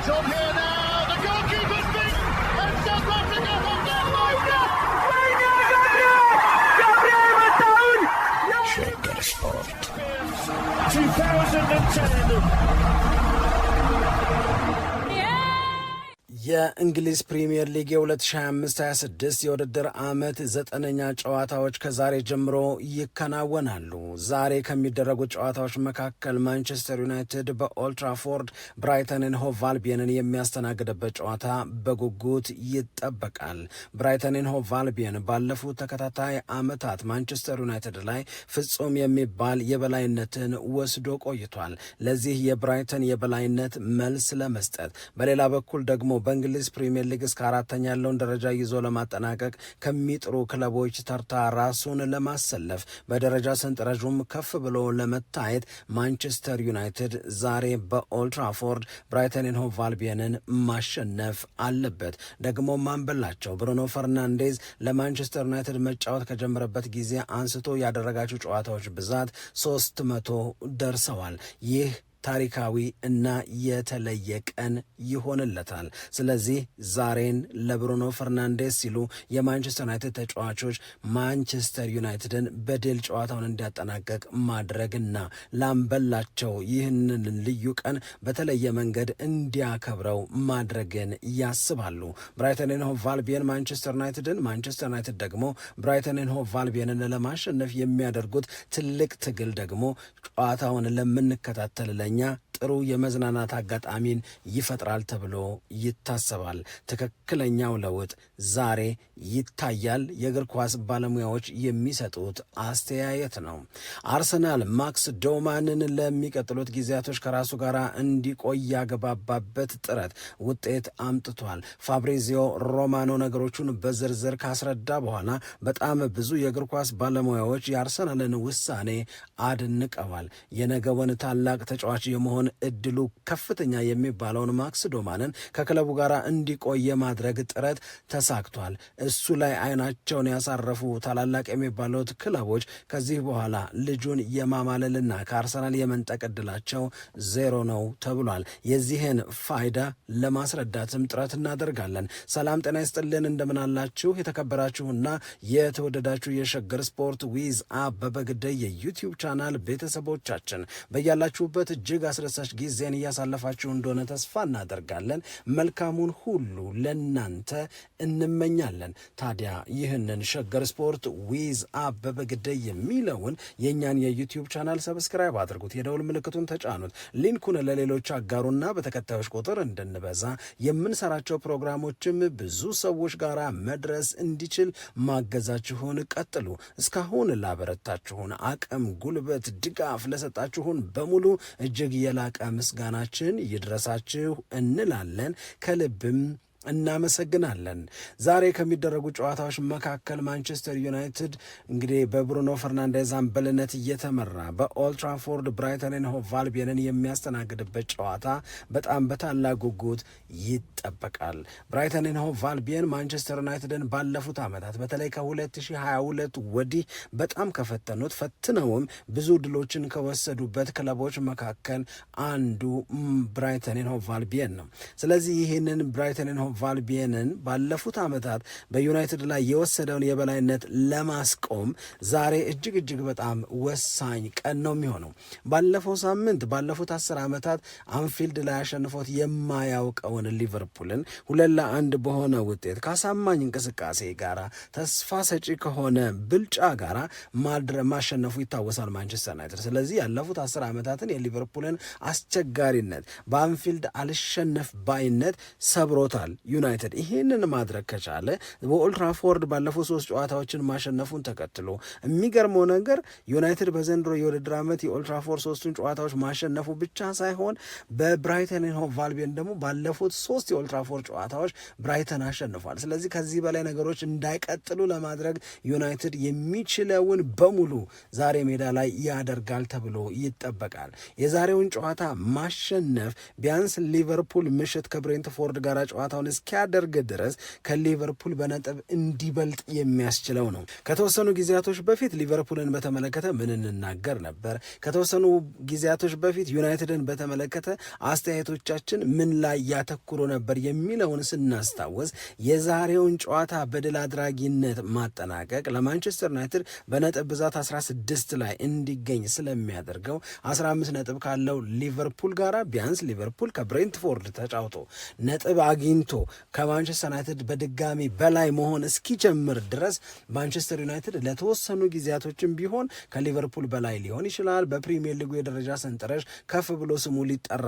It's on here now. የእንግሊዝ ፕሪምየር ሊግ የ2526 የውድድር ዓመት ዘጠነኛ ጨዋታዎች ከዛሬ ጀምሮ ይከናወናሉ። ዛሬ ከሚደረጉ ጨዋታዎች መካከል ማንቸስተር ዩናይትድ በኦልትራፎርድ ብራይተንን ሆቫልቢየንን የሚያስተናግድበት ጨዋታ በጉጉት ይጠበቃል። ብራይተንን ሆቫልቢየን አልቢየን ባለፉት ተከታታይ ዓመታት ማንቸስተር ዩናይትድ ላይ ፍጹም የሚባል የበላይነትን ወስዶ ቆይቷል። ለዚህ የብራይተን የበላይነት መልስ ለመስጠት በሌላ በኩል ደግሞ በእንግሊዝ በእንግሊዝ ፕሪምየር ሊግ እስከ አራተኛ ያለውን ደረጃ ይዞ ለማጠናቀቅ ከሚጥሩ ክለቦች ተርታ ራሱን ለማሰለፍ በደረጃ ሰንጠረዡም ከፍ ብሎ ለመታየት ማንቸስተር ዩናይትድ ዛሬ በኦልትራፎርድ ብራይተንን ሆቭ አልቢየንን ማሸነፍ አለበት። ደግሞ ማንበላቸው ብሩኖ ፈርናንዴዝ ለማንቸስተር ዩናይትድ መጫወት ከጀመረበት ጊዜ አንስቶ ያደረጋቸው ጨዋታዎች ብዛት ሶስት መቶ ደርሰዋል። ይህ ታሪካዊ እና የተለየ ቀን ይሆንለታል። ስለዚህ ዛሬን ለብሩኖ ፈርናንዴስ ሲሉ የማንቸስተር ዩናይትድ ተጫዋቾች ማንቸስተር ዩናይትድን በድል ጨዋታውን እንዲያጠናቀቅ ማድረግና ላምበላቸው ይህንን ልዩ ቀን በተለየ መንገድ እንዲያከብረው ማድረግን ያስባሉ። ብራይተንን ሆቭ ቫልቢየን ማንቸስተር ዩናይትድን፣ ማንቸስተር ዩናይትድ ደግሞ ብራይተንን ሆቭ ቫልቢየንን ለማሸነፍ የሚያደርጉት ትልቅ ትግል ደግሞ ጨዋታውን ለምንከታተልለ Yeah. ጥሩ የመዝናናት አጋጣሚን ይፈጥራል ተብሎ ይታሰባል። ትክክለኛው ለውጥ ዛሬ ይታያል፣ የእግር ኳስ ባለሙያዎች የሚሰጡት አስተያየት ነው። አርሰናል ማክስ ዶማንን ለሚቀጥሉት ጊዜያቶች ከራሱ ጋር እንዲቆይ ያገባባበት ጥረት ውጤት አምጥቷል። ፋብሪዚዮ ሮማኖ ነገሮቹን በዝርዝር ካስረዳ በኋላ በጣም ብዙ የእግር ኳስ ባለሙያዎች የአርሰናልን ውሳኔ አድንቀዋል። የነገውን ታላቅ ተጫዋች የመሆን የመሆን እድሉ ከፍተኛ የሚባለውን ማክስ ዶማንን ከክለቡ ጋር እንዲቆይ የማድረግ ጥረት ተሳክቷል። እሱ ላይ አይናቸውን ያሳረፉ ታላላቅ የሚባሉት ክለቦች ከዚህ በኋላ ልጁን የማማለልና ከአርሰናል የመንጠቅ እድላቸው ዜሮ ነው ተብሏል። የዚህን ፋይዳ ለማስረዳትም ጥረት እናደርጋለን። ሰላም ጤና ይስጥልን፣ እንደምናላችሁ የተከበራችሁና የተወደዳችሁ የሸገር ስፖርት ዊዝ አበበ ግደይ የዩቲዩብ ቻናል ቤተሰቦቻችን በያላችሁበት እጅግ አስደሳ አስደሳች ጊዜን እያሳለፋችሁ እንደሆነ ተስፋ እናደርጋለን። መልካሙን ሁሉ ለናንተ እንመኛለን። ታዲያ ይህንን ሸገር ስፖርት ዊዝ አበበ ግደይ የሚለውን የእኛን የዩቲዩብ ቻናል ሰብስክራይብ አድርጉት፣ የደውል ምልክቱን ተጫኑት፣ ሊንኩን ለሌሎች አጋሩና በተከታዮች ቁጥር እንድንበዛ የምንሰራቸው ፕሮግራሞችም ብዙ ሰዎች ጋር መድረስ እንዲችል ማገዛችሁን ቀጥሉ። እስካሁን ላበረታችሁን አቅም፣ ጉልበት፣ ድጋፍ ለሰጣችሁን በሙሉ እጅግ የላ የላቀ ምስጋናችን ይድረሳችሁ እንላለን ከልብም እናመሰግናለን። ዛሬ ከሚደረጉ ጨዋታዎች መካከል ማንቸስተር ዩናይትድ እንግዲህ በብሩኖ ፈርናንዴዛን አምበልነት እየተመራ በኦልትራፎርድ ብራይተንን ሆቭ የሚያስተናግድበት ጨዋታ በጣም በታላቅ ጉጉት ይጠበቃል። ብራይተንን ሆቭ አልቢዮን ማንቸስተር ዩናይትድን ባለፉት ዓመታት በተለይ ከ2022 ወዲህ በጣም ከፈተኑት ፈትነውም ብዙ ድሎችን ከወሰዱበት ክለቦች መካከል አንዱ ብራይተንን ሆቭ ነው። ስለዚህ ይህንን ብራይተንን ሆቭ ቫልቢየንን ባለፉት ዓመታት በዩናይትድ ላይ የወሰደውን የበላይነት ለማስቆም ዛሬ እጅግ እጅግ በጣም ወሳኝ ቀን ነው የሚሆነው። ባለፈው ሳምንት ባለፉት አስር ዓመታት አንፊልድ ላይ አሸንፎት የማያውቀውን ሊቨርፑልን ሁለት ለአንድ በሆነ ውጤት ከአሳማኝ እንቅስቃሴ ጋር ተስፋ ሰጪ ከሆነ ብልጫ ጋራ ማሸነፉ ይታወሳል ማንቸስተር ዩናይትድ። ስለዚህ ያለፉት አስር ዓመታትን የሊቨርፑልን አስቸጋሪነት በአንፊልድ አልሸነፍ ባይነት ሰብሮታል። ዩናይትድ ይሄንን ማድረግ ከቻለ በኦልትራፎርድ ባለፉት ሶስት ጨዋታዎችን ማሸነፉን ተከትሎ የሚገርመው ነገር ዩናይትድ በዘንድሮ የውድድር ዓመት የኦልትራፎርድ ሶስቱን ጨዋታዎች ማሸነፉ ብቻ ሳይሆን በብራይተን ሆቭ አልቢዮን ደግሞ ባለፉት ሶስት የኦልትራፎርድ ጨዋታዎች ብራይተን አሸንፏል። ስለዚህ ከዚህ በላይ ነገሮች እንዳይቀጥሉ ለማድረግ ዩናይትድ የሚችለውን በሙሉ ዛሬ ሜዳ ላይ ያደርጋል ተብሎ ይጠበቃል። የዛሬውን ጨዋታ ማሸነፍ ቢያንስ ሊቨርፑል ምሽት ከብሬንትፎርድ ጋር ጨዋታውን ጨዋታውን እስኪያደርግ ድረስ ከሊቨርፑል በነጥብ እንዲበልጥ የሚያስችለው ነው። ከተወሰኑ ጊዜያቶች በፊት ሊቨርፑልን በተመለከተ ምን እንናገር ነበር? ከተወሰኑ ጊዜያቶች በፊት ዩናይትድን በተመለከተ አስተያየቶቻችን ምን ላይ ያተኩሮ ነበር የሚለውን ስናስታወስ የዛሬውን ጨዋታ በድል አድራጊነት ማጠናቀቅ ለማንቸስተር ዩናይትድ በነጥብ ብዛት 16 ላይ እንዲገኝ ስለሚያደርገው 15 ነጥብ ካለው ሊቨርፑል ጋራ ቢያንስ ሊቨርፑል ከብሬንትፎርድ ተጫውቶ ነጥብ አግኝቶ ከማንቸስተር ዩናይትድ በድጋሚ በላይ መሆን እስኪጀምር ድረስ ማንቸስተር ዩናይትድ ለተወሰኑ ጊዜያቶችም ቢሆን ከሊቨርፑል በላይ ሊሆን ይችላል። በፕሪሚየር ሊጉ የደረጃ ሰንጠረዥ ከፍ ብሎ ስሙ ሊጠራ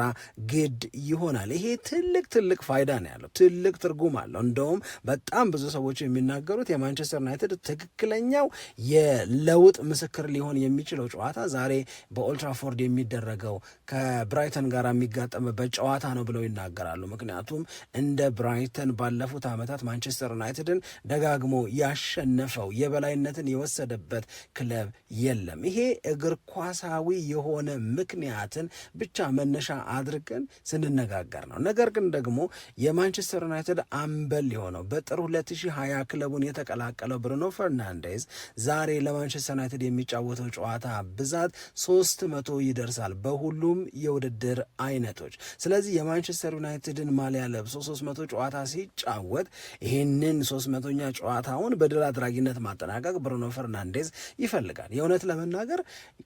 ግድ ይሆናል። ይሄ ትልቅ ትልቅ ፋይዳ ነው ያለው፣ ትልቅ ትርጉም አለው። እንደውም በጣም ብዙ ሰዎች የሚናገሩት የማንቸስተር ዩናይትድ ትክክለኛው የለውጥ ምስክር ሊሆን የሚችለው ጨዋታ ዛሬ በኦልትራፎርድ የሚደረገው ከብራይተን ጋር የሚጋጠምበት ጨዋታ ነው ብለው ይናገራሉ። ምክንያቱም እንደ ብራይተን ባለፉት ዓመታት ማንቸስተር ዩናይትድን ደጋግሞ ያሸነፈው የበላይነትን የወሰደበት ክለብ የለም። ይሄ እግር ኳሳዊ የሆነ ምክንያትን ብቻ መነሻ አድርገን ስንነጋገር ነው። ነገር ግን ደግሞ የማንቸስተር ዩናይትድ አምበል የሆነው በጥር 2020 ክለቡን የተቀላቀለው ብሩኖ ፈርናንዴዝ ዛሬ ለማንቸስተር ዩናይትድ የሚጫወተው ጨዋታ ብዛት ሶስት መቶ ይደርሳል በሁሉም የውድድር አይነቶች። ስለዚህ የማንቸስተር ዩናይትድን ማሊያ ለብሶ 300 ጨዋታ ሲጫወት ይህንን ሶስት መቶኛ ጨዋታውን በድል አድራጊነት ማጠናቀቅ ብሩኖ ፈርናንዴዝ ይፈልጋል። የእውነት ለመናገር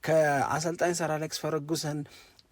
ከአሰልጣኝ ሰር አሌክስ ፈርጉሰን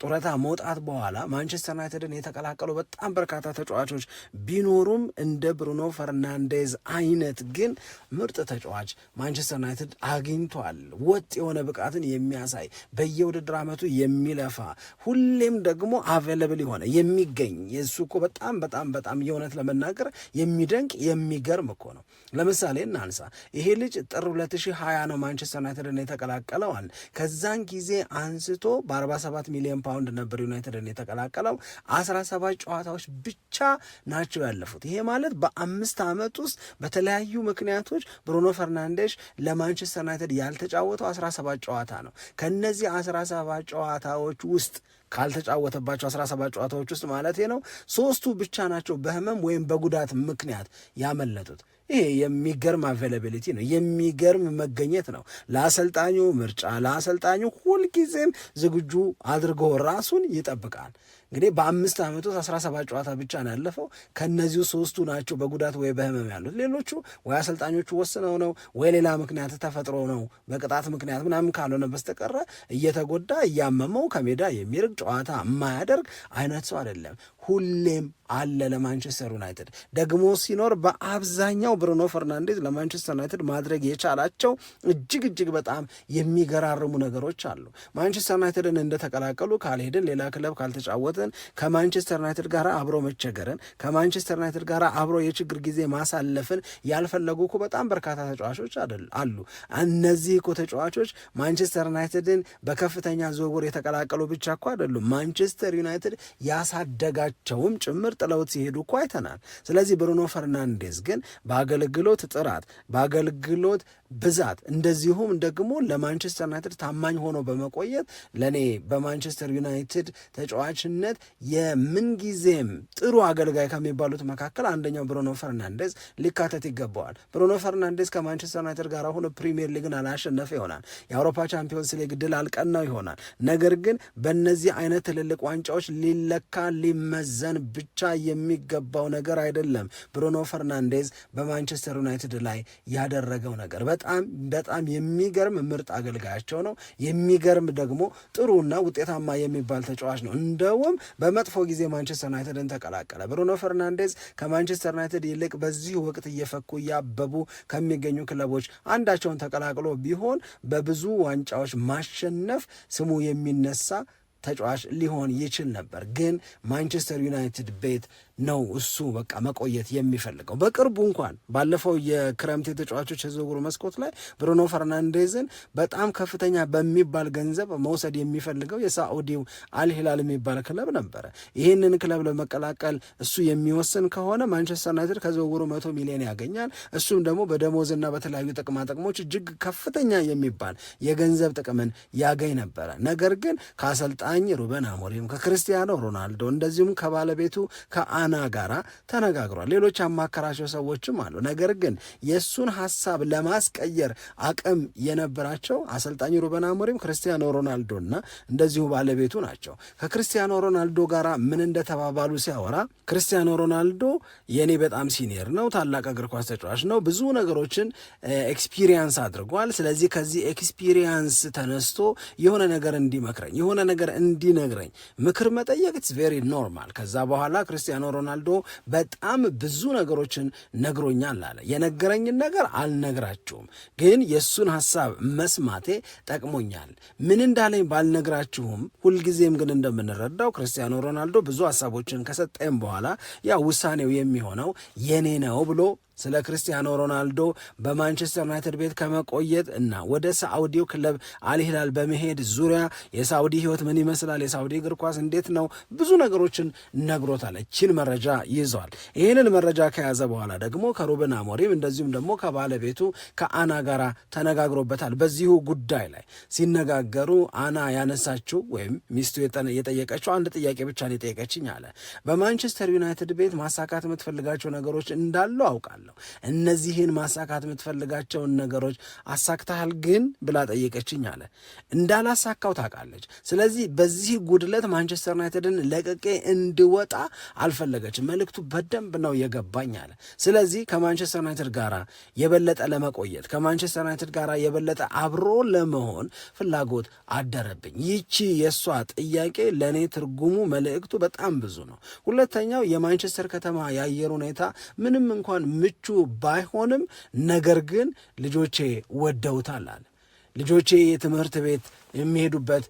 ጡረታ መውጣት በኋላ ማንቸስተር ዩናይትድን የተቀላቀሉ በጣም በርካታ ተጫዋቾች ቢኖሩም እንደ ብሩኖ ፈርናንዴዝ አይነት ግን ምርጥ ተጫዋች ማንቸስተር ዩናይትድ አግኝቷል። ወጥ የሆነ ብቃትን የሚያሳይ በየውድድር ዓመቱ የሚለፋ ሁሌም ደግሞ አቬለብል የሆነ የሚገኝ የእሱ እኮ በጣም በጣም በጣም የእውነት ለመናገር የሚደንቅ የሚገርም እኮ ነው። ለምሳሌ እናንሳ። ይሄ ልጅ ጥር 2020 ነው ማንቸስተር ዩናይትድን የተቀላቀለዋል። ከዛን ጊዜ አንስቶ በ47 ሚሊዮን ፓውንድ ነበር ዩናይትድን የተቀላቀለው። አስራ ሰባት ጨዋታዎች ብቻ ናቸው ያለፉት። ይሄ ማለት በአምስት ዓመት ውስጥ በተለያዩ ምክንያቶች ብሩኖ ፈርናንዴሽ ለማንቸስተር ዩናይትድ ያልተጫወተው አስራ ሰባት ጨዋታ ነው። ከነዚህ አስራ ሰባት ጨዋታዎች ውስጥ ካልተጫወተባቸው 17 ጨዋታዎች ውስጥ ማለት ነው ሶስቱ ብቻ ናቸው በህመም ወይም በጉዳት ምክንያት ያመለጡት። ይሄ የሚገርም አቬላቢሊቲ ነው፣ የሚገርም መገኘት ነው። ለአሰልጣኙ ምርጫ ለአሰልጣኙ ሁልጊዜም ዝግጁ አድርጎ ራሱን ይጠብቃል። እንግዲህ በአምስት ዓመት ውስጥ አስራ ሰባት ጨዋታ ብቻ ነው ያለፈው። ከእነዚሁ ሶስቱ ናቸው በጉዳት ወይ በህመም ያሉት። ሌሎቹ ወይ አሰልጣኞቹ ወስነው ነው ወይ ሌላ ምክንያት ተፈጥሮ ነው በቅጣት ምክንያት ምናምን ካልሆነ በስተቀረ እየተጎዳ እያመመው ከሜዳ የሚርቅ ጨዋታ የማያደርግ አይነት ሰው አይደለም። ሁሌም አለ ለማንቸስተር ዩናይትድ ደግሞ ሲኖር በአብዛኛው ብሩኖ ፈርናንዴዝ ለማንቸስተር ዩናይትድ ማድረግ የቻላቸው እጅግ እጅግ በጣም የሚገራርሙ ነገሮች አሉ። ማንቸስተር ዩናይትድን እንደተቀላቀሉ ካልሄድን ሌላ ክለብ ካልተጫወተ መቀመጥን ከማንቸስተር ዩናይትድ ጋር አብሮ መቸገርን ከማንቸስተር ዩናይትድ ጋር አብሮ የችግር ጊዜ ማሳለፍን ያልፈለጉ እኮ በጣም በርካታ ተጫዋቾች አሉ። እነዚህ እኮ ተጫዋቾች ማንቸስተር ዩናይትድን በከፍተኛ ዝውውር የተቀላቀሉ ብቻ እኮ አይደሉም። ማንቸስተር ዩናይትድ ያሳደጋቸውም ጭምር ጥለውት ሲሄዱ እኮ አይተናል። ስለዚህ ብሩኖ ፈርናንዴዝ ግን በአገልግሎት ጥራት፣ በአገልግሎት ብዛት እንደዚሁም ደግሞ ለማንቸስተር ዩናይትድ ታማኝ ሆኖ በመቆየት ለእኔ በማንቸስተር ዩናይትድ ተጫዋችን ተጫዋችነት የምንጊዜም ጥሩ አገልጋይ ከሚባሉት መካከል አንደኛው ብሩኖ ፈርናንዴዝ ሊካተት ይገባዋል። ብሩኖ ፈርናንዴዝ ከማንቸስተር ዩናይትድ ጋር ሆኖ ፕሪሚየር ሊግን አላሸነፈ ይሆናል፣ የአውሮፓ ቻምፒዮንስ ሊግ ድል አልቀናው ይሆናል። ነገር ግን በእነዚህ አይነት ትልልቅ ዋንጫዎች ሊለካ ሊመዘን ብቻ የሚገባው ነገር አይደለም። ብሩኖ ፈርናንዴዝ በማንቸስተር ዩናይትድ ላይ ያደረገው ነገር በጣም በጣም የሚገርም ምርጥ አገልጋያቸው ነው። የሚገርም ደግሞ ጥሩና ውጤታማ የሚባል ተጫዋች ነው። እንደውም ምክንያቱም በመጥፎ ጊዜ ማንቸስተር ዩናይትድን ተቀላቀለ። ብሩኖ ፈርናንዴዝ ከማንቸስተር ዩናይትድ ይልቅ በዚህ ወቅት እየፈኩ እያበቡ ከሚገኙ ክለቦች አንዳቸውን ተቀላቅሎ ቢሆን በብዙ ዋንጫዎች ማሸነፍ ስሙ የሚነሳ ተጫዋች ሊሆን ይችል ነበር፣ ግን ማንቸስተር ዩናይትድ ቤት ነው እሱ በቃ መቆየት የሚፈልገው። በቅርቡ እንኳን ባለፈው የክረምት የተጫዋቾች የዝውውር መስኮት ላይ ብሩኖ ፈርናንዴዝን በጣም ከፍተኛ በሚባል ገንዘብ መውሰድ የሚፈልገው የሳዑዲው አልሂላል የሚባል ክለብ ነበረ። ይህንን ክለብ ለመቀላቀል እሱ የሚወስን ከሆነ ማንቸስተር ዩናይትድ ከዝውውሩ መቶ ሚሊዮን ያገኛል። እሱም ደግሞ በደሞዝና በተለያዩ ጥቅማ ጥቅሞች እጅግ ከፍተኛ የሚባል የገንዘብ ጥቅምን ያገኝ ነበረ። ነገር ግን ከአሰልጣ አሰልጣኝ ሩበን አሞሪም ከክርስቲያኖ ሮናልዶ እንደዚሁም ከባለቤቱ ከአና ጋራ ተነጋግሯል። ሌሎች ያማከራቸው ሰዎችም አሉ። ነገር ግን የእሱን ሀሳብ ለማስቀየር አቅም የነበራቸው አሰልጣኝ ሩበን አሞሪም ክርስቲያኖ ሮናልዶና እንደዚሁ ባለቤቱ ናቸው። ከክርስቲያኖ ሮናልዶ ጋር ምን እንደተባባሉ ሲያወራ ክርስቲያኖ ሮናልዶ የእኔ በጣም ሲኒየር ነው፣ ታላቅ እግር ኳስ ተጫዋች ነው፣ ብዙ ነገሮችን ኤክስፒሪየንስ አድርጓል። ስለዚህ ከዚህ ኤክስፒሪየንስ ተነስቶ የሆነ ነገር እንዲመክረኝ የሆነ ነገር እንዲነግረኝ ምክር መጠየቅ ኢትስ ቬሪ ኖርማል። ከዛ በኋላ ክርስቲያኖ ሮናልዶ በጣም ብዙ ነገሮችን ነግሮኛል አለ። የነገረኝን ነገር አልነግራችሁም፣ ግን የእሱን ሀሳብ መስማቴ ጠቅሞኛል። ምን እንዳለኝ ባልነግራችሁም፣ ሁልጊዜም ግን እንደምንረዳው ክርስቲያኖ ሮናልዶ ብዙ ሀሳቦችን ከሰጠኝ በኋላ ያ ውሳኔው የሚሆነው የኔ ነው ብሎ ስለ ክርስቲያኖ ሮናልዶ በማንቸስተር ዩናይትድ ቤት ከመቆየት እና ወደ ሳዑዲው ክለብ አልሂላል በመሄድ ዙሪያ የሳዑዲ ህይወት ምን ይመስላል፣ የሳዑዲ እግር ኳስ እንዴት ነው፣ ብዙ ነገሮችን ነግሮታል። እችን መረጃ ይዘዋል። ይህንን መረጃ ከያዘ በኋላ ደግሞ ከሩበን አሞሪም እንደዚሁም ደግሞ ከባለቤቱ ከአና ጋር ተነጋግሮበታል። በዚሁ ጉዳይ ላይ ሲነጋገሩ አና ያነሳችው ወይም ሚስቱ የጠየቀችው አንድ ጥያቄ ብቻ ነው የጠየቀችኝ አለ። በማንቸስተር ዩናይትድ ቤት ማሳካት የምትፈልጋቸው ነገሮች እንዳሉ አውቃለሁ ነው። እነዚህን ማሳካት የምትፈልጋቸውን ነገሮች አሳክተሃል ግን ብላ ጠየቀችኝ አለ። እንዳላሳካው ታውቃለች። ስለዚህ በዚህ ጉድለት ማንቸስተር ዩናይትድን ለቅቄ እንድወጣ አልፈለገችም። መልእክቱ በደንብ ነው የገባኝ አለ። ስለዚህ ከማንቸስተር ዩናይትድ ጋር የበለጠ ለመቆየት ከማንቸስተር ዩናይትድ ጋር የበለጠ አብሮ ለመሆን ፍላጎት አደረብኝ። ይቺ የእሷ ጥያቄ ለእኔ ትርጉሙ መልእክቱ በጣም ብዙ ነው። ሁለተኛው የማንቸስተር ከተማ የአየር ሁኔታ ምንም እንኳን ምቹ ባይሆንም ነገር ግን ልጆቼ ወደውታል አለ። ልጆቼ የትምህርት ቤት የሚሄዱበት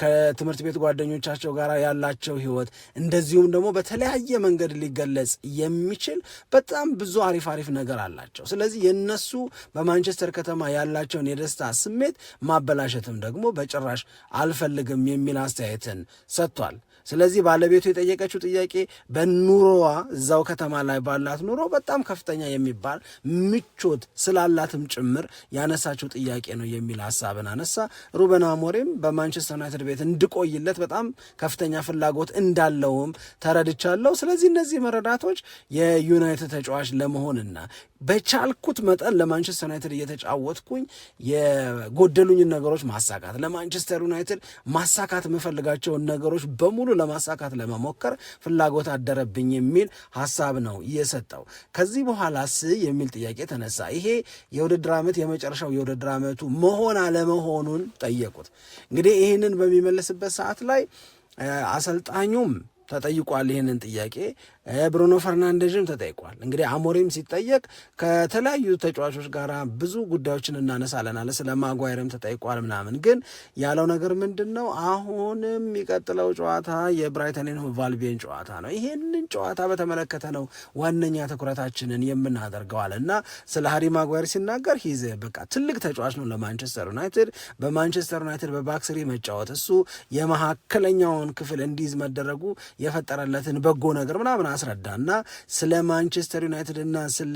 ከትምህርት ቤት ጓደኞቻቸው ጋር ያላቸው ህይወት እንደዚሁም ደግሞ በተለያየ መንገድ ሊገለጽ የሚችል በጣም ብዙ አሪፍ አሪፍ ነገር አላቸው። ስለዚህ የነሱ በማንቸስተር ከተማ ያላቸውን የደስታ ስሜት ማበላሸትም ደግሞ በጭራሽ አልፈልግም የሚል አስተያየትን ሰጥቷል። ስለዚህ ባለቤቱ የጠየቀችው ጥያቄ በኑሮዋ እዛው ከተማ ላይ ባላት ኑሮ በጣም ከፍተኛ የሚባል ምቾት ስላላትም ጭምር ያነሳችው ጥያቄ ነው የሚል ሀሳብን አነሳ። ሩበን አሞሪም በማንቸስተር ዩናይትድ ቤት እንድቆይለት በጣም ከፍተኛ ፍላጎት እንዳለውም ተረድቻለሁ። ስለዚህ እነዚህ መረዳቶች የዩናይትድ ተጫዋች ለመሆንና በቻልኩት መጠን ለማንቸስተር ዩናይትድ እየተጫወትኩኝ የጎደሉኝን ነገሮች ማሳካት ለማንቸስተር ዩናይትድ ማሳካት የምፈልጋቸውን ነገሮች በሙሉ ሁሉ ለማሳካት ለመሞከር ፍላጎት አደረብኝ የሚል ሀሳብ ነው የሰጠው። ከዚህ በኋላስ የሚል ጥያቄ ተነሳ። ይሄ የውድድር ዓመት የመጨረሻው የውድድር ዓመቱ መሆን አለመሆኑን ጠየቁት። እንግዲህ ይህንን በሚመለስበት ሰዓት ላይ አሰልጣኙም ተጠይቋል ይህንን ጥያቄ ብሩኖ ፈርናንዴዥም ተጠይቋል። እንግዲህ አሞሪም ሲጠየቅ ከተለያዩ ተጫዋቾች ጋር ብዙ ጉዳዮችን እናነሳለን አለ። ስለ ማጓይርም ተጠይቋል ምናምን። ግን ያለው ነገር ምንድን ነው? አሁንም የሚቀጥለው ጨዋታ የብራይተንን ቫልቤን ጨዋታ ነው። ይሄንን ጨዋታ በተመለከተ ነው ዋነኛ ትኩረታችንን የምናደርገዋል እና ስለ ሀሪ ማጓይር ሲናገር ሂዝ በቃ ትልቅ ተጫዋች ነው ለማንቸስተር ዩናይትድ። በማንቸስተር ዩናይትድ በባክስሪ መጫወት እሱ የመካከለኛውን ክፍል እንዲይዝ መደረጉ የፈጠረለትን በጎ ነገር ምናምን ካስረዳና ስለ ማንቸስተር ዩናይትድ እና ስለ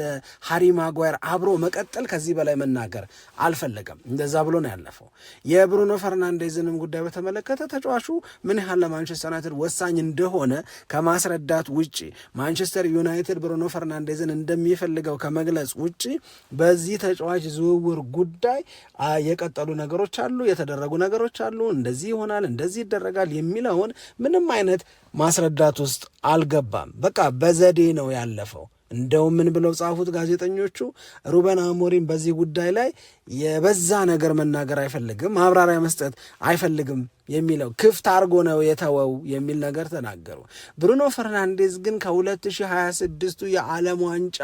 ሃሪ ማጓየር አብሮ መቀጠል ከዚህ በላይ መናገር አልፈለገም። እንደዛ ብሎ ነው ያለፈው። የብሩኖ ፈርናንዴዝንም ጉዳይ በተመለከተ ተጫዋቹ ምን ያህል ለማንቸስተር ዩናይትድ ወሳኝ እንደሆነ ከማስረዳት ውጭ ማንቸስተር ዩናይትድ ብሩኖ ፈርናንዴዝን እንደሚፈልገው ከመግለጽ ውጭ በዚህ ተጫዋች ዝውውር ጉዳይ የቀጠሉ ነገሮች አሉ፣ የተደረጉ ነገሮች አሉ፣ እንደዚህ ይሆናል፣ እንደዚህ ይደረጋል የሚለውን ምንም አይነት ማስረዳት ውስጥ አልገባም። በቃ በዘዴ ነው ያለፈው። እንደውም ምን ብለው ጻፉት ጋዜጠኞቹ? ሩበን አሞሪም በዚህ ጉዳይ ላይ የበዛ ነገር መናገር አይፈልግም፣ ማብራሪያ መስጠት አይፈልግም የሚለው ክፍት አድርጎ ነው የተወው የሚል ነገር ተናገሩ። ብሩኖ ፈርናንዴዝ ግን ከ2026ቱ የዓለም ዋንጫ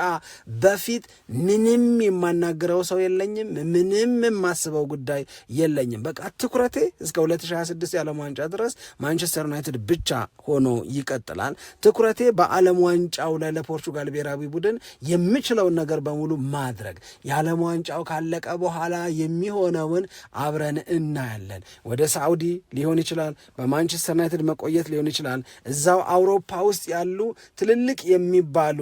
በፊት ምንም የማናግረው ሰው የለኝም፣ ምንም የማስበው ጉዳይ የለኝም፣ በቃ ትኩረቴ እስከ 2026 የዓለም ዋንጫ ድረስ ማንቸስተር ዩናይትድ ብቻ ሆኖ ይቀጥላል። ትኩረቴ በዓለም ዋንጫው ላይ ለፖርቹጋል ብሔራዊ ቡድን የምችለውን ነገር በሙሉ ማድረግ፣ የዓለም ዋንጫው ካለቀ በኋላ የሚሆነውን አብረን እናያለን። ወደ ሳውዲ። ሊሆን ይችላል፣ በማንቸስተር ዩናይትድ መቆየት ሊሆን ይችላል። እዛው አውሮፓ ውስጥ ያሉ ትልልቅ የሚባሉ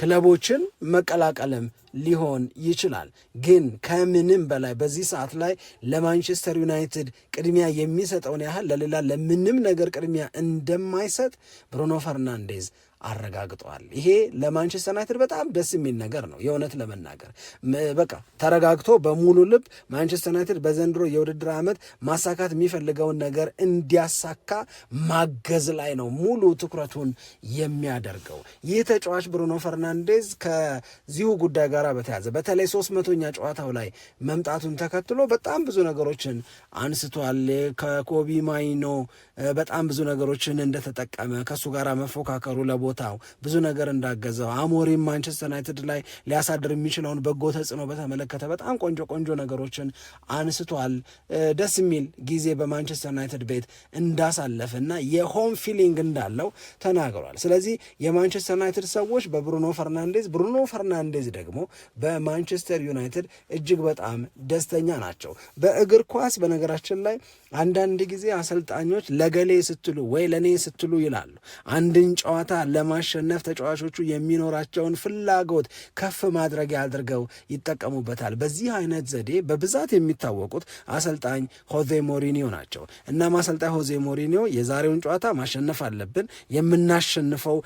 ክለቦችን መቀላቀልም ሊሆን ይችላል። ግን ከምንም በላይ በዚህ ሰዓት ላይ ለማንቸስተር ዩናይትድ ቅድሚያ የሚሰጠውን ያህል ለሌላ ለምንም ነገር ቅድሚያ እንደማይሰጥ ብሩኖ ፈርናንዴዝ አረጋግጠዋል። ይሄ ለማንቸስተር ዩናይትድ በጣም ደስ የሚል ነገር ነው። የእውነት ለመናገር በቃ ተረጋግቶ በሙሉ ልብ ማንቸስተር ዩናይትድ በዘንድሮ የውድድር ዓመት ማሳካት የሚፈልገውን ነገር እንዲያሳካ ማገዝ ላይ ነው ሙሉ ትኩረቱን የሚያደርገው። ይህ ተጫዋች ብሩኖ ፈርናንዴዝ ከዚሁ ጉዳይ ጋር በተያዘ በተለይ ሶስት መቶኛ ጨዋታው ላይ መምጣቱን ተከትሎ በጣም ብዙ ነገሮችን አንስቷል። ከኮቢ ማይኖ በጣም ብዙ ነገሮችን እንደተጠቀመ ከእሱ ጋር መፎካከሩ ለቦ በቦታው ብዙ ነገር እንዳገዘው አሞሪም ማንቸስተር ዩናይትድ ላይ ሊያሳድር የሚችለውን በጎ ተጽዕኖ በተመለከተ በጣም ቆንጆ ቆንጆ ነገሮችን አንስቷል። ደስ የሚል ጊዜ በማንቸስተር ዩናይትድ ቤት እንዳሳለፈ እና የሆም ፊሊንግ እንዳለው ተናግሯል። ስለዚህ የማንቸስተር ዩናይትድ ሰዎች በብሩኖ ፈርናንዴዝ፣ ብሩኖ ፈርናንዴዝ ደግሞ በማንቸስተር ዩናይትድ እጅግ በጣም ደስተኛ ናቸው። በእግር ኳስ በነገራችን ላይ አንዳንድ ጊዜ አሰልጣኞች ለገሌ ስትሉ ወይ ለእኔ ስትሉ ይላሉ። አንድን ጨዋታ ለማሸነፍ ተጫዋቾቹ የሚኖራቸውን ፍላጎት ከፍ ማድረጊያ አድርገው ይጠቀሙበታል። በዚህ አይነት ዘዴ በብዛት የሚታወቁት አሰልጣኝ ሆዜ ሞሪኒዮ ናቸው። እናም አሰልጣኝ ሆዜ ሞሪኒዮ የዛሬውን ጨዋታ ማሸነፍ አለብን፣ የምናሸንፈው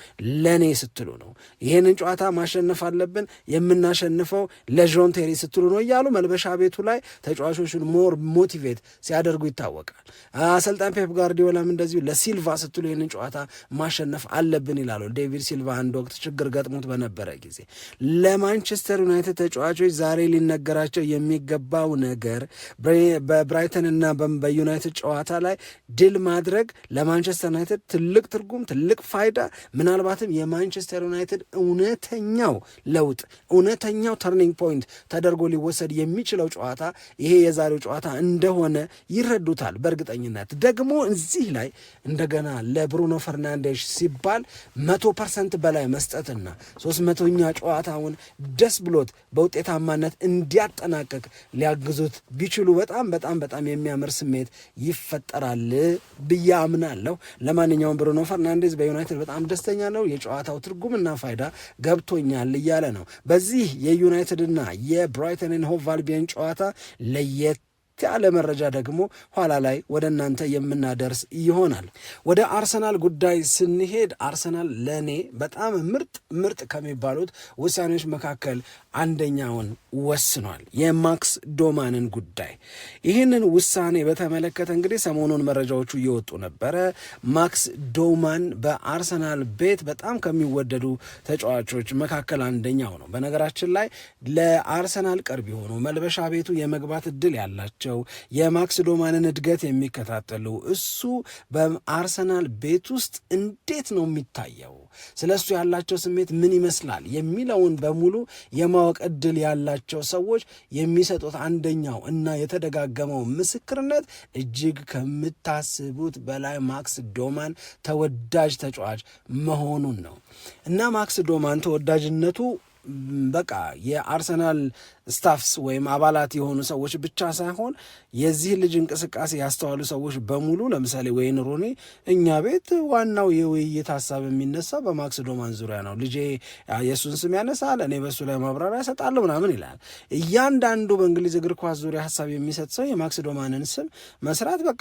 ለእኔ ስትሉ ነው። ይህንን ጨዋታ ማሸነፍ አለብን፣ የምናሸንፈው ለዦንቴሪ ቴሪ ስትሉ ነው እያሉ መልበሻ ቤቱ ላይ ተጫዋቾቹን ሞር ሞቲቬት ሲያደርጉ ይታወቃል። አሰልጣኝ ፔፕ ጋርዲዮላም እንደዚሁ ለሲልቫ ስትሉ ይህንን ጨዋታ ማሸነፍ አለብን ይላሉ። የሚባለው ዴቪድ ሲልቫ አንድ ወቅት ችግር ገጥሞት በነበረ ጊዜ ለማንቸስተር ዩናይትድ ተጫዋቾች ዛሬ ሊነገራቸው የሚገባው ነገር በብራይተን እና በዩናይትድ ጨዋታ ላይ ድል ማድረግ ለማንቸስተር ዩናይትድ ትልቅ ትርጉም፣ ትልቅ ፋይዳ ምናልባትም የማንቸስተር ዩናይትድ እውነተኛው ለውጥ እውነተኛው ተርኒንግ ፖይንት ተደርጎ ሊወሰድ የሚችለው ጨዋታ ይሄ የዛሬው ጨዋታ እንደሆነ ይረዱታል በእርግጠኝነት ደግሞ እዚህ ላይ እንደገና ለብሩኖ ፈርናንዴሽ ሲባል መቶ ፐርሰንት በላይ መስጠትና ሶስት መቶኛ ጨዋታውን ደስ ብሎት በውጤታማነት እንዲያጠናቀቅ ሊያግዙት ቢችሉ በጣም በጣም በጣም የሚያምር ስሜት ይፈጠራል ብዬ አምናለሁ። ለማንኛውም ብሩኖ ፈርናንዴዝ በዩናይትድ በጣም ደስተኛ ነው። የጨዋታው ትርጉምና ፋይዳ ገብቶኛል እያለ ነው። በዚህ የዩናይትድና የብራይተንን ሆቭ ጨዋታ ለየት ያለ መረጃ ደግሞ ኋላ ላይ ወደ እናንተ የምናደርስ ይሆናል። ወደ አርሰናል ጉዳይ ስንሄድ አርሰናል ለእኔ በጣም ምርጥ ምርጥ ከሚባሉት ውሳኔዎች መካከል አንደኛውን ወስኗል። የማክስ ዶማንን ጉዳይ ይህንን ውሳኔ በተመለከተ እንግዲህ ሰሞኑን መረጃዎቹ እየወጡ ነበረ። ማክስ ዶማን በአርሰናል ቤት በጣም ከሚወደዱ ተጫዋቾች መካከል አንደኛው ነው። በነገራችን ላይ ለአርሰናል ቅርብ የሆኑ መልበሻ ቤቱ የመግባት እድል ያላቸው ናቸው። የማክስ ዶማንን እድገት የሚከታተሉ እሱ በአርሰናል ቤት ውስጥ እንዴት ነው የሚታየው፣ ስለ እሱ ያላቸው ስሜት ምን ይመስላል የሚለውን በሙሉ የማወቅ እድል ያላቸው ሰዎች የሚሰጡት አንደኛው እና የተደጋገመው ምስክርነት እጅግ ከምታስቡት በላይ ማክስ ዶማን ተወዳጅ ተጫዋች መሆኑን ነው እና ማክስ ዶማን ተወዳጅነቱ በቃ የአርሰናል ስታፍስ ወይም አባላት የሆኑ ሰዎች ብቻ ሳይሆን የዚህ ልጅ እንቅስቃሴ ያስተዋሉ ሰዎች በሙሉ ለምሳሌ ወይን ሮኔ እኛ ቤት ዋናው የውይይት ሀሳብ የሚነሳ በማክስ ዶማን ዙሪያ ነው። ልጄ የእሱን ስም ያነሳል፣ እኔ በእሱ ላይ ማብራሪያ ያሰጣለ ምናምን ይላል። እያንዳንዱ በእንግሊዝ እግር ኳስ ዙሪያ ሀሳብ የሚሰጥ ሰው የማክስ ዶማንን ስም መስራት በቃ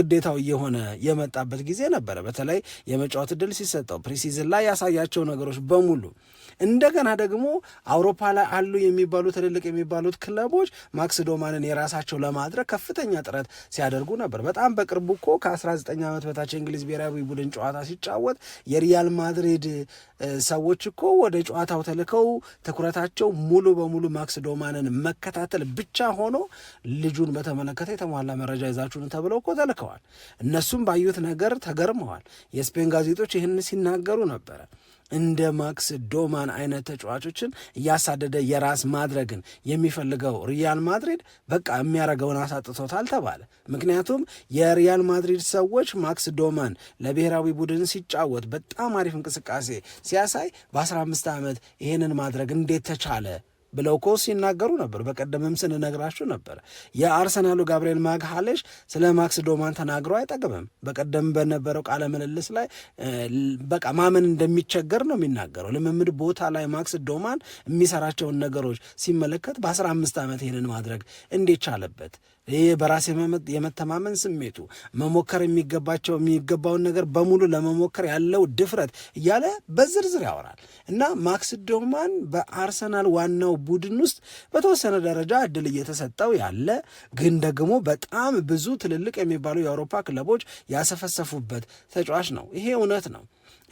ግዴታው እየሆነ የመጣበት ጊዜ ነበረ። በተለይ የመጫወት እድል ሲሰጠው ፕሪሲዝን ላይ ያሳያቸው ነገሮች በሙሉ እንደገና ደግሞ አውሮፓ ላይ አሉ የሚባሉ ትልልቅ የሚባሉት ክለቦች ማክስ ዶማንን የራሳቸው ለማድረግ ከፍተኛ ጥረት ሲያደርጉ ነበር። በጣም በቅርቡ እኮ ከ19 ዓመት በታች የእንግሊዝ ብሔራዊ ቡድን ጨዋታ ሲጫወት የሪያል ማድሪድ ሰዎች እኮ ወደ ጨዋታው ተልከው ትኩረታቸው ሙሉ በሙሉ ማክስ ዶማንን መከታተል ብቻ ሆኖ ልጁን በተመለከተ የተሟላ መረጃ ይዛችሁን ተብለው እኮ ተልከዋል። እነሱም ባዩት ነገር ተገርመዋል። የስፔን ጋዜጦች ይህን ሲናገሩ ነበረ። እንደ ማክስ ዶማን አይነት ተጫዋቾችን እያሳደደ የራስ ማድረግን የሚፈልገው ሪያል ማድሪድ በቃ የሚያደርገውን አሳጥቶታል ተባለ። ምክንያቱም የሪያል ማድሪድ ሰዎች ማክስ ዶማን ለብሔራዊ ቡድን ሲጫወት በጣም አሪፍ እንቅስቃሴ ሲያሳይ በ15 ዓመት ይህንን ማድረግ እንዴት ተቻለ ብለው እኮ ሲናገሩ ነበር። በቀደምም ስንነግራችሁ ነበር። የአርሰናሉ ጋብርኤል ማግሃሌሽ ስለ ማክስ ዶማን ተናግሮ አይጠግብም። በቀደም በነበረው ቃለ ምልልስ ላይ በቃ ማመን እንደሚቸገር ነው የሚናገረው። ልምምድ ቦታ ላይ ማክስ ዶማን የሚሰራቸውን ነገሮች ሲመለከት በአስራ አምስት ዓመት ይህንን ማድረግ እንዴት ቻለበት? ይህ በራስ የመተማመን ስሜቱ መሞከር የሚገባቸው የሚገባውን ነገር በሙሉ ለመሞከር ያለው ድፍረት እያለ በዝርዝር ያወራል እና ማክስ ዶማን በአርሰናል ዋናው ቡድን ውስጥ በተወሰነ ደረጃ እድል እየተሰጠው ያለ ግን ደግሞ በጣም ብዙ ትልልቅ የሚባሉ የአውሮፓ ክለቦች ያሰፈሰፉበት ተጫዋች ነው። ይሄ እውነት ነው።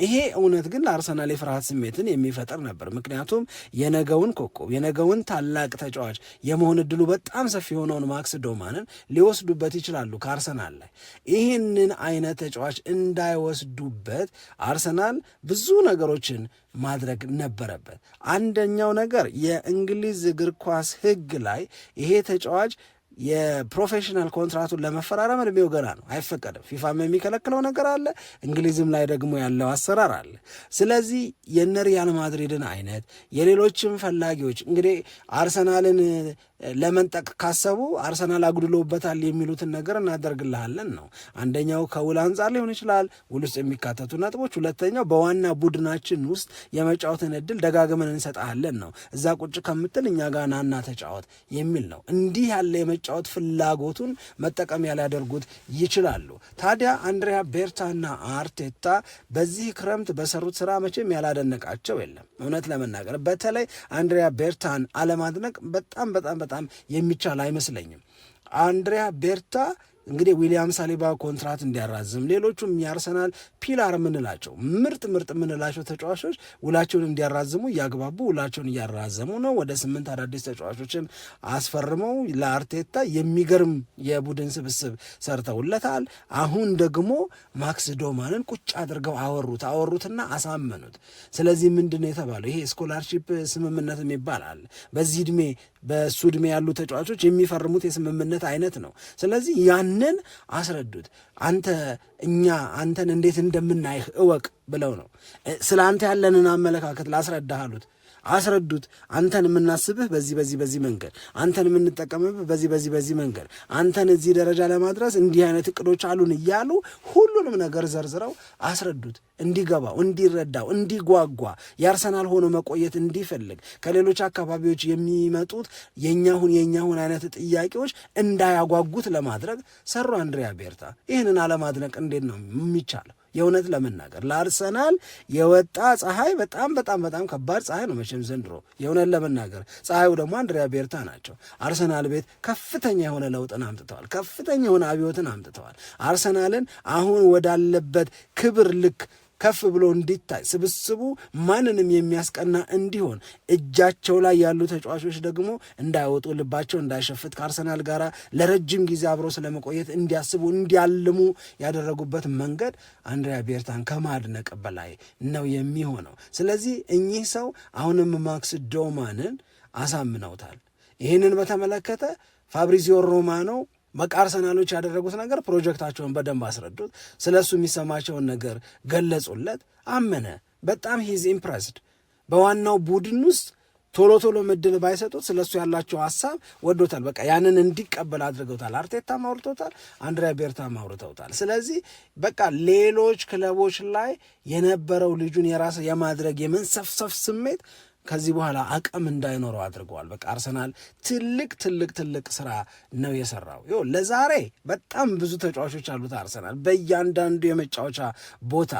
ይሄ እውነት ግን ለአርሰናል የፍርሃት ስሜትን የሚፈጥር ነበር። ምክንያቱም የነገውን ኮከብ የነገውን ታላቅ ተጫዋች የመሆን እድሉ በጣም ሰፊ የሆነውን ማክስ ዶማንን ሊወስዱበት ይችላሉ ከአርሰናል ላይ። ይህንን አይነት ተጫዋች እንዳይወስዱበት አርሰናል ብዙ ነገሮችን ማድረግ ነበረበት። አንደኛው ነገር የእንግሊዝ እግር ኳስ ሕግ ላይ ይሄ ተጫዋች የፕሮፌሽናል ኮንትራቱን ለመፈራረም እድሜው ገና ነው፣ አይፈቀድም። ፊፋም የሚከለክለው ነገር አለ፣ እንግሊዝም ላይ ደግሞ ያለው አሰራር አለ። ስለዚህ የነ ሪያል ማድሪድን አይነት የሌሎችም ፈላጊዎች እንግዲህ አርሰናልን ለመንጠቅ ካሰቡ አርሰናል አጉድሎበታል የሚሉትን ነገር እናደርግልሃለን ነው። አንደኛው ከውል አንጻር ሊሆን ይችላል፣ ውል ውስጥ የሚካተቱ ነጥቦች። ሁለተኛው በዋና ቡድናችን ውስጥ የመጫወትን እድል ደጋግመን እንሰጥሃለን ነው። እዛ ቁጭ ከምትል እኛ ጋር ናና ተጫወት የሚል ነው። እንዲህ ያለ የመጫወት ፍላጎቱን መጠቀሚያ ሊያደርጉት ይችላሉ። ታዲያ አንድሪያ ቤርታና አርቴታ በዚህ ክረምት በሰሩት ስራ መቼም ያላደነቃቸው የለም። እውነት ለመናገር በተለይ አንድሪያ ቤርታን አለማድነቅ በጣም በጣም በጣም የሚቻል አይመስለኝም። አንድሪያ ቤርታ እንግዲህ ዊሊያም ሳሊባ ኮንትራት እንዲያራዝም ሌሎቹም የአርሰናል ፒላር የምንላቸው ምርጥ ምርጥ የምንላቸው ተጫዋቾች ውላቸውን እንዲያራዝሙ እያግባቡ ውላቸውን እያራዘሙ ነው። ወደ ስምንት አዳዲስ ተጫዋቾችን አስፈርመው ለአርቴታ የሚገርም የቡድን ስብስብ ሰርተውለታል። አሁን ደግሞ ማክስ ዶማንን ቁጭ አድርገው አወሩት አወሩትና አሳመኑት። ስለዚህ ምንድን ነው የተባለው? ይሄ ስኮላርሺፕ ስምምነት ይባላል። በዚህ እድሜ በሱ እድሜ ያሉ ተጫዋቾች የሚፈርሙት የስምምነት አይነት ነው። ስለዚህ ያን ያንን አስረዱት። አንተ እኛ አንተን እንዴት እንደምናይህ እወቅ ብለው ነው። ስለ አንተ ያለንን አመለካከት ላስረዳህ አሉት። አስረዱት። አንተን የምናስብህ በዚህ በዚህ በዚህ መንገድ፣ አንተን የምንጠቀምብህ በዚህ በዚህ በዚህ መንገድ፣ አንተን እዚህ ደረጃ ለማድረስ እንዲህ አይነት እቅዶች አሉን እያሉ ሁሉንም ነገር ዘርዝረው አስረዱት። እንዲገባው፣ እንዲረዳው፣ እንዲጓጓ ያርሰናል ሆኖ መቆየት እንዲፈልግ ከሌሎች አካባቢዎች የሚመጡት የእኛሁን የእኛሁን አይነት ጥያቄዎች እንዳያጓጉት ለማድረግ ሰሩ አንድሪያ ቤርታ። ይህንን አለማድነቅ እንዴት ነው የሚቻለው? የእውነት ለመናገር ለአርሰናል የወጣ ፀሐይ በጣም በጣም በጣም ከባድ ፀሐይ ነው መቼም ዘንድሮ የእውነት ለመናገር ፀሐዩ ደግሞ አንድሪያ ቤርታ ናቸው። አርሰናል ቤት ከፍተኛ የሆነ ለውጥን አምጥተዋል። ከፍተኛ የሆነ አብዮትን አምጥተዋል። አርሰናልን አሁን ወዳለበት ክብር ልክ ከፍ ብሎ እንዲታይ ስብስቡ ማንንም የሚያስቀና እንዲሆን እጃቸው ላይ ያሉ ተጫዋቾች ደግሞ እንዳይወጡ ልባቸው እንዳይሸፍት ከአርሰናል ጋር ለረጅም ጊዜ አብሮ ስለመቆየት እንዲያስቡ እንዲያልሙ ያደረጉበት መንገድ አንድሪያ ቤርታን ከማድነቅ በላይ ነው የሚሆነው። ስለዚህ እኚህ ሰው አሁንም ማክስ ዶማንን አሳምነውታል። ይህንን በተመለከተ ፋብሪዚዮ ሮማኖ በቃ አርሰናሎች ያደረጉት ነገር ፕሮጀክታቸውን በደንብ አስረዱት። ስለ እሱ የሚሰማቸውን ነገር ገለጹለት። አመነ። በጣም ሂዝ ኢምፕረስድ። በዋናው ቡድን ውስጥ ቶሎ ቶሎ ምድል ባይሰጡት ስለ እሱ ያላቸው ሀሳብ ወዶታል። በቃ ያንን እንዲቀበል አድርገውታል። አርቴታ አውርተውታል፣ አንድሪያ ቤርታ አውርተውታል። ስለዚህ በቃ ሌሎች ክለቦች ላይ የነበረው ልጁን የራስ የማድረግ የመንሰፍሰፍ ስሜት ከዚህ በኋላ አቅም እንዳይኖረው አድርገዋል። በቃ አርሰናል ትልቅ ትልቅ ትልቅ ስራ ነው የሰራው። ይኸው ለዛሬ በጣም ብዙ ተጫዋቾች አሉት አርሰናል በእያንዳንዱ የመጫወቻ ቦታ፣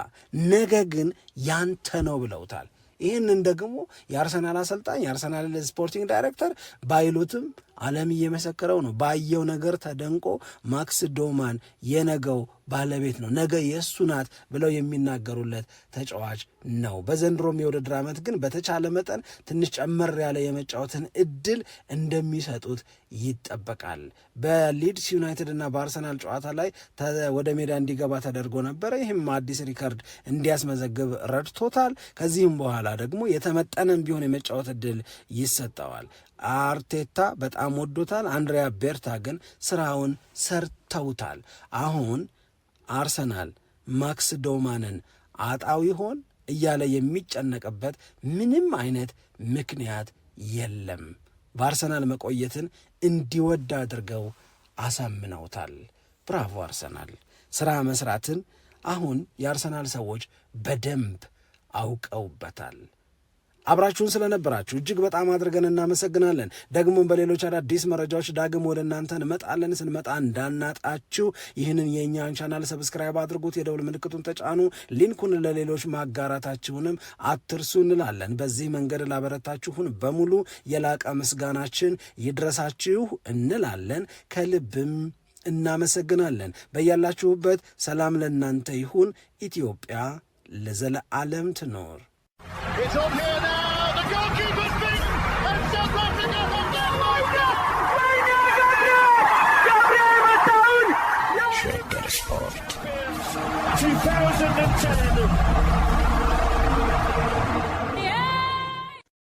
ነገ ግን ያንተ ነው ብለውታል። ይህንን ደግሞ የአርሰናል አሰልጣኝ የአርሰናል ስፖርቲንግ ዳይሬክተር ባይሉትም ዓለም እየመሰከረው ነው። ባየው ነገር ተደንቆ ማክስ ዶማን የነገው ባለቤት ነው፣ ነገ የእሱ ናት ብለው የሚናገሩለት ተጫዋች ነው። በዘንድሮም የውድድር ዓመት ግን በተቻለ መጠን ትንሽ ጨመር ያለ የመጫወትን እድል እንደሚሰጡት ይጠበቃል። በሊድስ ዩናይትድ እና በአርሰናል ጨዋታ ላይ ወደ ሜዳ እንዲገባ ተደርጎ ነበረ። ይህም አዲስ ሪከርድ እንዲያስመዘግብ ረድቶታል። ከዚህም በኋላ ደግሞ የተመጠነም ቢሆን የመጫወት እድል ይሰጠዋል። አርቴታ በጣም ወዶታል። አንድሪያ ቤርታ ግን ስራውን ሰርተውታል አሁን አርሰናል ማክስ ዶማንን አጣው ይሆን እያለ የሚጨነቅበት ምንም አይነት ምክንያት የለም። በአርሰናል መቆየትን እንዲወድ አድርገው አሳምነውታል። ብራቮ አርሰናል! ሥራ መሥራትን አሁን የአርሰናል ሰዎች በደንብ አውቀውበታል። አብራችሁን ስለነበራችሁ እጅግ በጣም አድርገን እናመሰግናለን። ደግሞም በሌሎች አዳዲስ መረጃዎች ዳግም ወደ እናንተ እንመጣለን። ስንመጣ እንዳናጣችሁ ይህንን የእኛን ቻናል ሰብስክራይብ አድርጉት፣ የደውል ምልክቱን ተጫኑ፣ ሊንኩን ለሌሎች ማጋራታችሁንም አትርሱ እንላለን። በዚህ መንገድ ላበረታችሁን በሙሉ የላቀ ምስጋናችን ይድረሳችሁ እንላለን። ከልብም እናመሰግናለን። በያላችሁበት ሰላም ለእናንተ ይሁን። ኢትዮጵያ ለዘለዓለም ትኖር። Sport. 2010